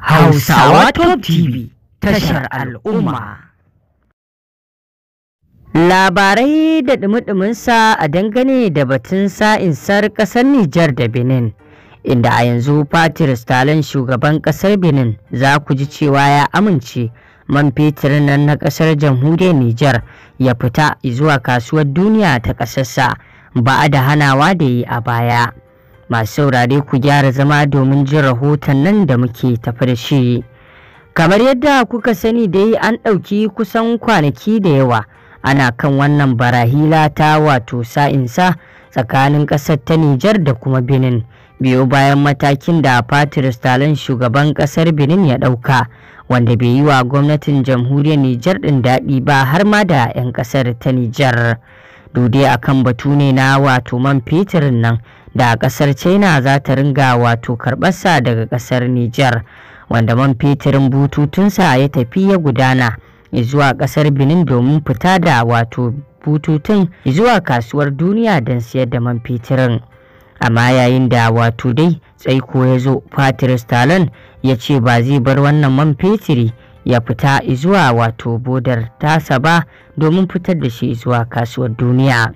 Hausawa Top TV tashar al'umma. Labarai da ɗumi sa a dangane da batun sa'insar ƙasar Nijar da Benin, inda a yanzu Patrice stalin shugaban ƙasar Benin za ku ji cewa ya amince man fetur nan na ƙasar jamhuriyar Nijar ya fita zuwa kasuwar duniya ta ƙasarsa ba a da hanawa da yi a baya. masu saurare ku gyara zama domin jin rahoton nan da muke tafi da shi kamar yadda kuka sani dai an ɗauki kusan kwanaki da yawa ana kan wannan barahila ta wato sa'insa tsakanin ƙasar ta nijar da kuma benin biyo bayan matakin da patrice talon shugaban ƙasar benin ya ɗauka wanda bai yi wa gwamnatin jamhuriyar nijar ɗin daɗi ba har ma da 'yan ƙasar ta nijar a akan batu ne na wato man fetur nan da kasar china za ta ringa wato karbarsa daga kasar niger wanda man fetirin bututunsa ya tafi ya gudana zuwa kasar benin domin fita da wato bututun zuwa kasuwar duniya don siyar da man fetirin amma yayin da wato dai tsaiko ya zo patrice stalin ya ce ba zai bar wannan man fetiri ya fita zuwa wato bodar tasa ba domin fitar da shi zuwa kasuwar duniya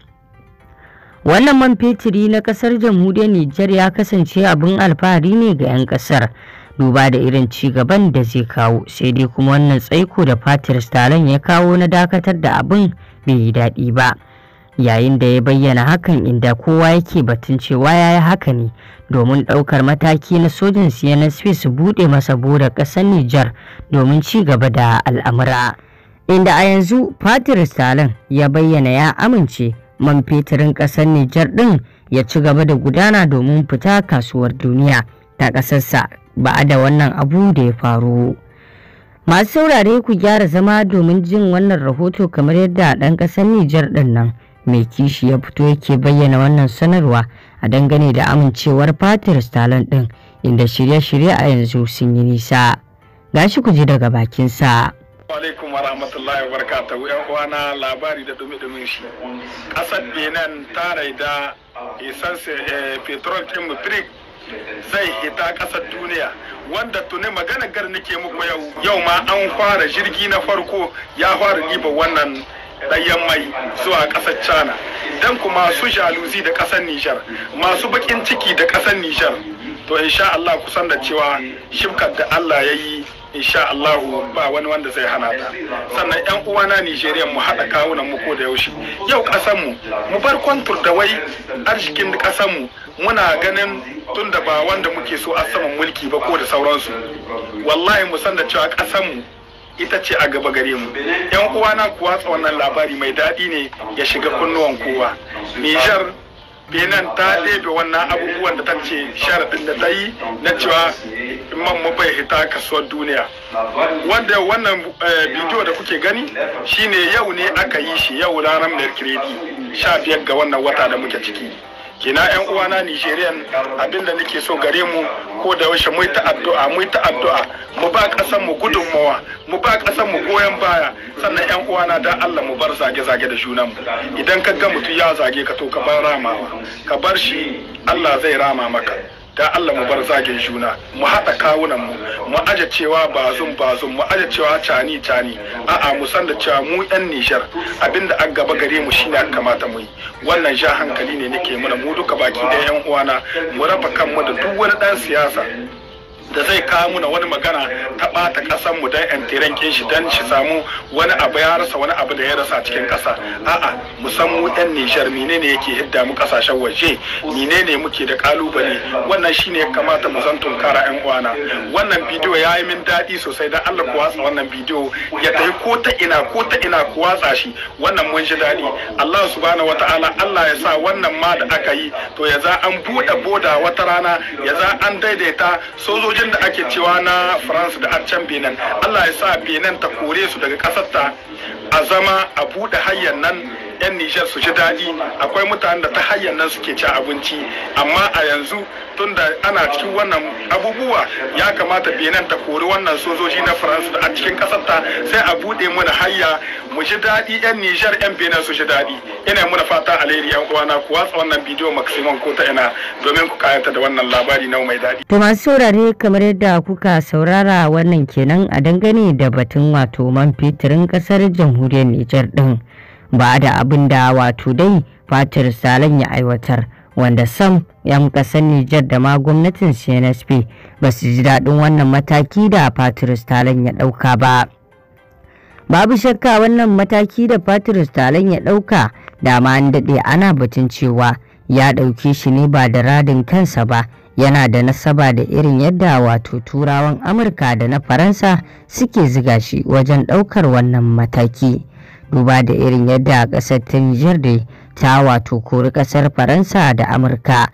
Wannan man fetiri na kasar jamhuriyar Nijar ya kasance abin alfahari ne ga 'yan kasar duba da irin ci gaban da zai kawo sai dai kuma wannan tsaiko da fatir stalin ya kawo na dakatar da abin bai yi daɗi ba. Yayin da ya bayyana hakan inda kowa yake batun cewa ya yi haka ne domin ɗaukar mataki na sojin CNSP su buɗe masa buɗe ƙasar Nijar domin ci gaba da al'amura. Inda a yanzu Fatir Stalin ya bayyana ya amince man fetirin ƙasar Nijar ɗin ya ci gaba da gudana domin fita kasuwar duniya ta ƙasarsa ba da wannan abu da ya faru. Masu saurare ku gyara zama domin jin wannan rahoto kamar yadda ɗan ƙasar Nijar ɗin nan mai kishi ya fito yake bayyana wannan sanarwa a dangane da amincewar Patrice stalin ɗin inda shirye-shirye a yanzu sun yi nisa. Gashi ku ji daga bakinsa. alaikum wa rahmatullahi wa barakatuhu yan uwana labari da dumi-dumin shi ƙasar benin ta raida isansa eh, petrol ɗin mutrik zai hita ƙasar duniya wanda tuni magana gar nake muku yau yau ma an fara jirgi na farko ya fara ɗiba wannan ɗayan mai zuwa ƙasar cana dan kuma su jaluzi da ƙasar nijar masu baƙin ciki da ƙasar nijar to insha Allah kusan da cewa shimkar da Allah ya yi insha Allah ba wani wanda zai hana ta sannan yan uwana Nigeria mu haɗa kawunan mu ko da yaushe yau kasan mu mu bar kwantur da wai arzikin kasan mu muna ganin tunda ba wanda muke so a saman mulki ba ko da sauransu wallahi mu san da cewa kasan mu ita ce a gaba gare mu yan uwana kuwa wannan labari mai daɗi ne ya shiga kunnuwan kowa Nijar benin ta ɗebe wannan abubuwan da ta ce sharaɗin da ta yi na cewa imam bai hita kasuwar duniya wanda wannan eh, bidiyo da kuke gani shine yau ne aka yi shi yau ranar mercredi sha biyar ga wannan wata da muke ciki ina yan uwana nigerian abinda nake so gare mu ko da yaushe mu ta addu'a mu ta addu'a mu ba kasan mu gudunmawa mu ba kasan mu goyon baya sannan yan uwana dan Allah mu bar zage zage da junan mu idan ka ga mutum ya zage ka to ka bar ramawa ka bar shi Allah zai rama maka da Allah mu bar zagin juna mu haɗa kawunan mu mu aje cewa bazum bazum mu aje cewa cani cani a'a mu san da cewa mu yan Nijar abinda an gaba gare mu shine kamata mu yi wannan ja hankali ne nake muna mu duka baki da yan uwana mu raba kanmu da duk wani dan siyasa da zai kawo muna wani magana ta ɓata ƙasar mu dan yantiran kin shi dan shi samu wani abu ya rasa wani abu da ya rasa cikin ƙasa a'a mu san mu ɗan Nijar menene yake hidda mu kasashen waje menene muke da kalubale wannan shine ya kamata mu san tunkara yan uwana wannan bidiyo ya yi min daɗi sosai dan Allah ku watsa wannan bidiyo ya tafi ko ta ina ko ta ina ku watsa shi wannan mun ji daɗi Allah subhanahu wataala Allah ya sa wannan ma da aka yi to ya za an buɗe boda wata rana ya za an daidaita sojoji jirgin da ake cewa na France da can Benin Allah ya sa Benin ta kore su daga ƙasarta a zama a bude hayyan nan 'yan Nijar su ji daɗi akwai mutanen da ta hanyar nan suke ci abinci amma a yanzu tunda ana cikin wannan abubuwa ya kamata benin ta kori wannan sojoji na faransa da a cikin ƙasar ta sai a buɗe mana hayya mu ji daɗi 'yan Nijar 'yan benin su ji daɗi ina muna fata alheri 'yan uwana ku watsa wannan bidiyo maximum ko ta ina domin ku kayata da wannan labari na mai daɗi. to masu saurare kamar yadda kuka saurara wannan kenan a dangane da batun wato man fitirin ƙasar jamhuriyar Nijar ɗin. ba da abin da wato dai fatir salon ya aiwatar wanda sam 'yan kasar Nijar da ma gwamnatin CNSP ba su ji daɗin wannan mataki da Patrice Talon ya ɗauka ba. Babu shakka wannan mataki da Patrice Talon ya ɗauka da ma an daɗe ana batun cewa ya ɗauke shi ne ba da radin kansa ba yana da nasaba da irin yadda wato turawan Amurka da na Faransa suke ziga shi wajen ɗaukar wannan mataki. duba da irin yadda ƙasar ta Nijar da ta wato kori ƙasar Faransa da Amurka.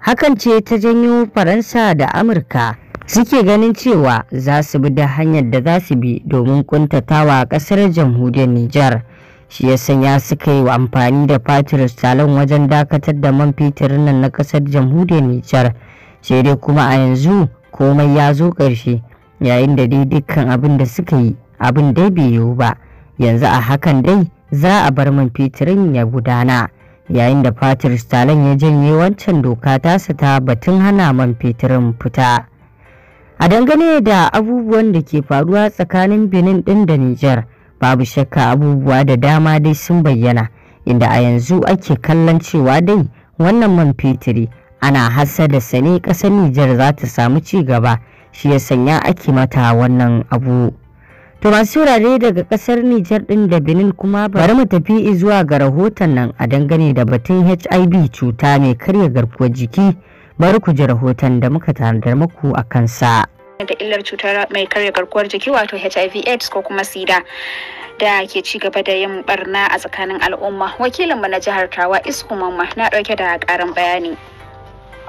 Hakan ce ta janyo Faransa da Amurka suke ganin cewa za su bi da hanyar da za su bi domin ƙuntatawa ƙasar jamhuriyar Nijar. Shi ya sanya suka yi amfani da Patrice salon wajen dakatar da man fetur nan na ƙasar jamhuriyar Nijar. Sai dai kuma a yanzu komai ya zo ƙarshe yayin da dai dukkan abin da suka yi abin dai bai yiwu ba. yanzu a hakan dai za a bar man fitirin ya gudana yayin da fatir stalin ya janye wancan doka ta tasa ta batun hana man fitirin fita a dangane da abubuwan da ke faruwa tsakanin benin din da niger babu shakka abubuwa da dama dai sun bayyana inda a yanzu ake kallon cewa dai wannan man fitiri ana hasada sani ƙasar niger za ta samu ci gaba shi ya sanya ake mata wannan abu. To masu wurare daga kasar Nijar din da Benin kuma bari mu tafi zuwa ga rahoton nan a dangane da batun HIV cuta mai karya garkuwar jiki. Bari ku ji rahoton da muka tanadar muku a kansa. Da illar cutar mai karya garkuwar jiki wato HIV AIDS ko kuma SIDA. da ke ci gaba da yin barna a tsakanin al'umma wakilinmu na jihar tawa isku mamma na dauke da karin bayani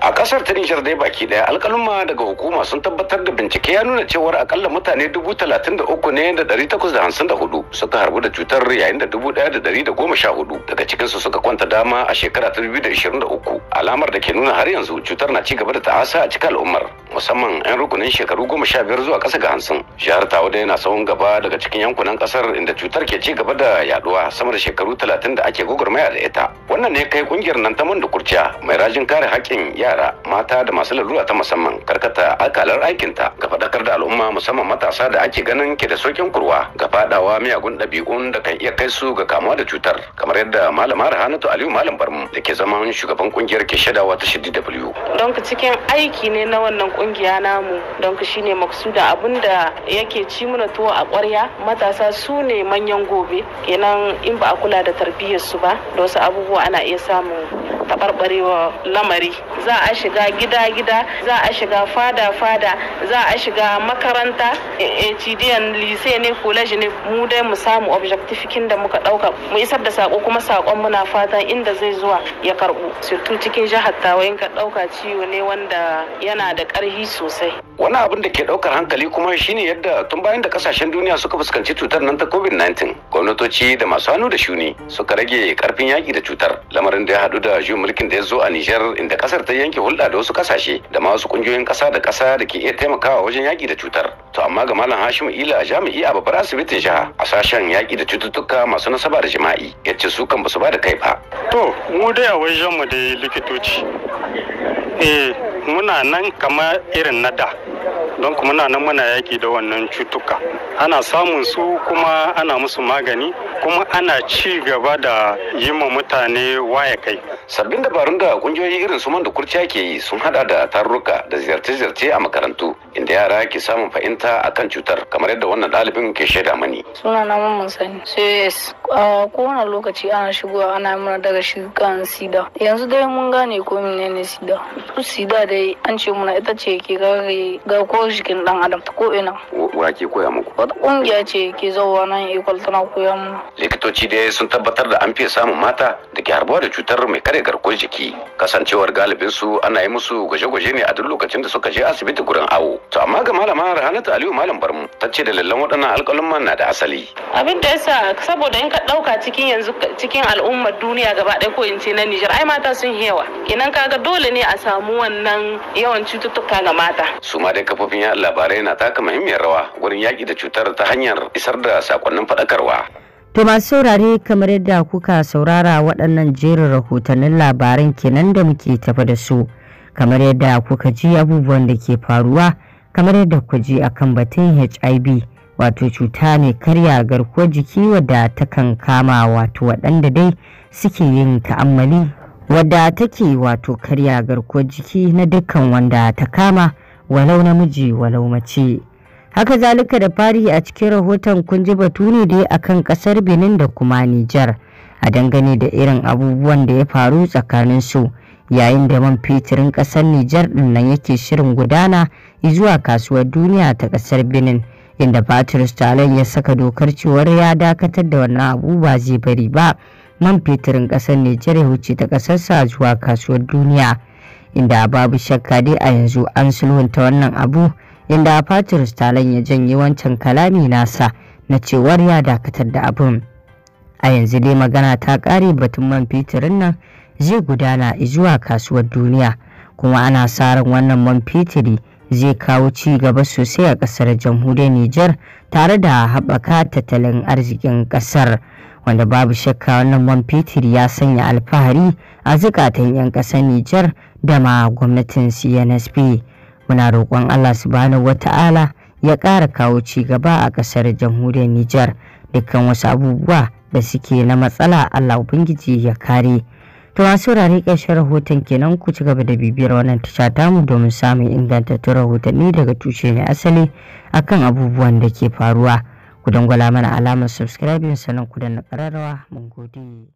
a kasar ta nijar dai baki daya alkalumma daga hukuma sun tabbatar da bincike ya nuna cewar akalla mutane dubu talatin da uku ne da dari takwas da hamsin da hudu suka harbu da cutar yayin da dubu daya da dari da goma sha hudu daga cikinsu suka kwanta dama a shekara ta dubu da ishirin da uku alamar da ke nuna har yanzu cutar na ci gaba da ta'asa a cikin al'ummar musamman 'yan rukunin shekaru goma sha biyar zuwa kasa ga hamsin jihar tawa dai na tsawon gaba daga cikin yankunan kasar inda cutar ke ci gaba da yaduwa sama da shekaru talatin da ake gwagwarmaya da ita wannan ne kai kungiyar nan ta mai rajin kare haƙƙin yara mata da masu lalura ta musamman karkata akalar aikinta ga faɗakar da al'umma musamman matasa da ake ganin ke da saukin kurwa ga faɗawa miyagun ɗabi'un da kan iya kai su ga kamuwa da cutar kamar yadda malama rahanatu aliyu malam barmu da ke zaman shugaban kungiyar ke shaidawa ta shiddi w don cikin aiki ne na wannan kungiya namu don ku shine maksuda abin da yake ci mana tuwo a kwarya matasa su ne manyan gobe kenan in ba a kula da tarbiyyar su ba da wasu abubuwa ana iya samun taɓarɓarewa lamari za a shiga gida-gida za a shiga fada-fada za a shiga makaranta ecidiyan eh, eh, lise ne koleji ne mu dai mu samu objectifikin da muka ɗauka mu isar da sako kuma sakon muna fatan inda zai zuwa ya karɓu surtu cikin jihar tawayin ka ɗauka ciwo ne wanda yana da ƙarfi sosai wani abin da ke ɗaukar hankali kuma shine yadda tun bayan da kasashen duniya suka fuskanci cutar nan ta covid-19 gwamnatoci da masu hannu da shuni suka rage karfin yaki da cutar lamarin da ya haɗu da juyin mulkin da ya zo a Nijar inda kasar ta yanke hulɗa da wasu kasashe da ma wasu ƙungiyoyin ƙasa da ƙasa da ke iya taimakawa wajen yaƙi da cutar. To amma ga Malam Hashim Ila jami'i a babbar asibitin jiha a sashen yaƙi da cututtuka masu nasaba da jima'i yace su kan basu ba da kai ba. To mu dai a wajen mu dai likitoci. Eh muna nan kamar irin na da. don kuma muna nan muna yaƙi da wannan cutuka ana samun su kuma ana musu magani kuma ana ci gaba da yi ma mutane waya kai sabbin dabarun da kungiyoyi irin su man da kurciya ke yi sun hada da tarurruka da ziyarce-ziyarce a makarantu inda yara ke samun fahimta akan cutar kamar yadda wannan ɗalibin ke shaida mani. Suna na mamman sani. CS a kowane lokaci ana shigowa ana mana daga kan sida. Yanzu dai mun gane ko menene sida. Sida dai an ce muna ita ce ke gare ga ko jikin ɗan adam ta ko ina. Wa ke koya muku? Wata kungiya ce ke zauwa nan ikwal tana koya mu. Likitoci dai sun tabbatar da an fiye samun mata da ke harbuwa da cutar mai kare garkuwar jiki kasancewar galibinsu ana yi musu gwaje-gwaje ne a duk lokacin da suka je asibiti gurin awo. to amma ga malama Rahanatu Aliyu malam Barmu ta ce dalilan waɗannan alƙalumman na da asali abin da yasa saboda in ka ɗauka cikin yanzu cikin al'ummar duniya gaba ɗaya ko in ce na Nijar ai mata sun yawa kenan kaga dole ne a samu wannan yawan cututtuka ga mata su ma dai kafofin yaɗa labarai na taka muhimmiyar rawa wurin yaƙi da cutar ta hanyar isar da sakonnin faɗakarwa To masu saurare kamar yadda kuka saurara waɗannan jerin rahotannin labaran kenan da muke tafa da su, kamar yadda kuka ji abubuwan da ke faruwa kamar yadda ku ji akan batun HIV wato cuta ne karya garkuwar jiki wadda kan kama wato waɗanda dai suke yin ta'ammali wadda take wato karya garkuwar jiki na dukkan wanda ta kama walau namiji walau mace haka zalika da fari a cikin rahoton kun ji batu ne dai akan kasar benin da kuma nijar a dangane da irin abubuwan da ya faru tsakanin su yayin da man fetirin kasar Nijar din nan yake shirin gudana zuwa kasuwar duniya ta kasar Benin inda Patrice Talon ya saka dokar cewar ya dakatar da wannan abu ba zai bari ba man fetirin kasar Nijar ya wuce ta kasarsa zuwa kasuwar duniya inda babu shakka dai a yanzu an sulhunta wannan abu inda Patrice Talon ya janye wancan kalami nasa na cewar ya dakatar da abun. a yanzu dai magana ta kare batun man fitirin nan zai gudana zuwa kasuwar duniya kuma ana sa ran wannan man fetiri zai kawo ci gaba sosai a kasar jamhuriyar Nijar tare da haɓaka tattalin arzikin kasar wanda babu shakka wannan man fetiri ya sanya alfahari a zukatan 'yan ƙasar Nijar da ma gwamnatin CNSP. Muna roƙon Allah Su subhanahu wata'ala ya ƙara kawo ci gaba a ƙasar jamhuriyar Nijar dukkan wasu abubuwa da suke na matsala Allah Ubangiji ya kare. To masu saurari ƙarshen rahoton kenan ku ci gaba da bibiyar wannan tasha tamu domin samun ingantattun rahotanni daga tushe mai asali akan abubuwan da ke faruwa. Ku dangwala mana alamar subscribing sannan ku danna ƙararrawa mun gode.